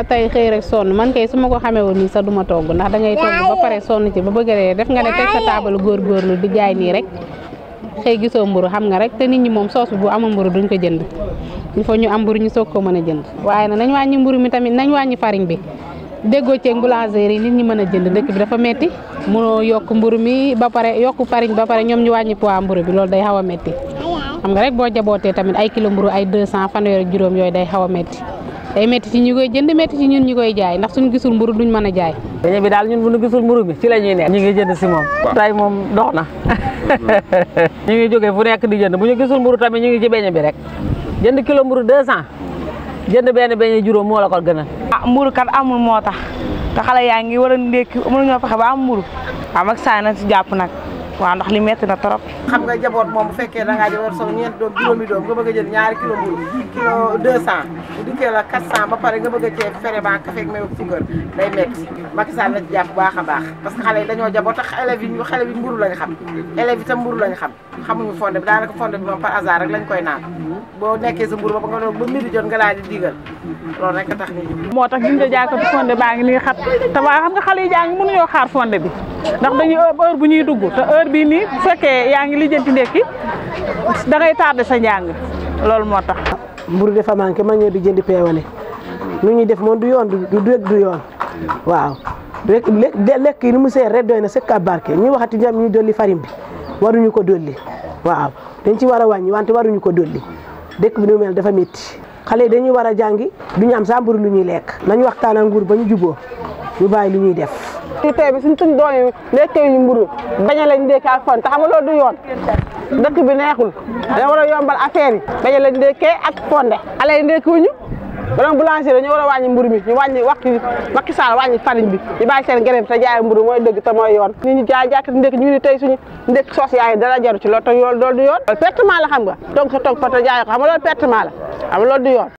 ah xëy rek sonn man kay su ma ko xamee woon nii sa duma toog ndax dangay togg ba pare sonn ci ba bëgg ree def nga ne teg sa taabal góorgóorlu di jaay nii rek xëy gisoo mburu xam nga rek te nit ñi moom soos bu amul mburu duñ ko jënd il faut ñu am ñu soog ko mën a jënd waaye nag nañ wàññi mburu mi tamit nañ wàññi farine bi déggoo ceeg boulangerie yi nit ñi mën a jënd dëkk bi dafa metti mënoo yokk mburu mi ba pare yokk farine ba pare ñoom ñu wàññi poids mburu bi loolu day xaw a metti ah, xam nga rek boo jabootee tamit ay kilo mburu ay 200 fanweer ak juróom yooyu day xaw a metti day métti ci ñu koy jënd métti ci ñun ñu koy jaay ndax suñu gisul mburu duñ mën a jaay beñe bi daal ñun bu ñu gisul mburu bi ci la ñuy nekk ñu ngi jënd si moom tay moom dox na ñu ngi jóge fu nekk di jënd bu ñu gisul mburu tamit ñu ngi ci beñe bi rek jënd kilo mburu deux cent jënd benn beñe juróom moo la ko gënal a ah, mburu kat amul moo tax te yaa ngi war a ndékki amul ñoo fexe ba am mburu waaw mag saa si jàpp nag waaw ndax li metti na trop xam nga jaboot moom bu fekkee da ngaa jaboot sama ñeent doom juróomi doom nga bëgg a jël ñaari kilo mburu kilo deux cent u dikkee quatre cent ba pare nga bëgg a cee fere ba café ak meew ak suukar day metti Macky na ci baax a baax parce que xale yi dañoo jaboot tax élèves yi ñu xale yi mburu la nga xam élèves yi mburu la nga xam xamuñu fonde bi daanaka fonde bi moom par hasard rek lañ koy naan boo nekkee sa mbuur ba nga doon ba midi jot nga daal di a tax ñu jóg. moo tax Gindia jàkkatu fonde baa ngi nii xat te waaye xam nga xale yi jàng mënuñoo xaar fonde bi ndax dañuy heure bu ñuy dugg te heure bii nii fekkee yaa ngi lijjanti ndekki da ngay tardé sa njàng loolu moo tax. mburu dafa manqué ma ñëw di jëndi peewale nu ñuy def moom du yoon du du yoon waaw rek lekk yi ni mu seer rek doy na sëkk ab barke ñu waxati ñoom ñu dolli farim bi waruñu ko dolli waaw dañ ci war a wàññi wante waruñu ko dolli dëkk bi nu mel dafa métti xale yi dañuy war a jàngi duñu am saa mburu lu ñuy lekk nañ waxtaan ak nguur ba ñu juboo ñu bàyyi lu ñuy def ci tey bi suñ suñ doon yi lekkee ñu mburu bañ a lañ ndékki ak fon te xam nga loolu du yoon dëkk bi neexul da war a yombal affaire yi bañ a lañ ndékkee ak fonde xale yi bala boulanger dañoo war a wàññi mburu mi ñu wàññi wàkki Macky Sall wàññi farine bi ñu bàyyi seen grève te jaay mburu mooy dëgg te mooy yoon nit ñi jaay jàkkati ndékk ñu ni tey suñu ndékk soos yaay dara jaru ci loolu te yoolu loolu yoon loolu pertement la xam nga toog sa toog fa te jaay ko xam nga loolu pertement la xam nga yoon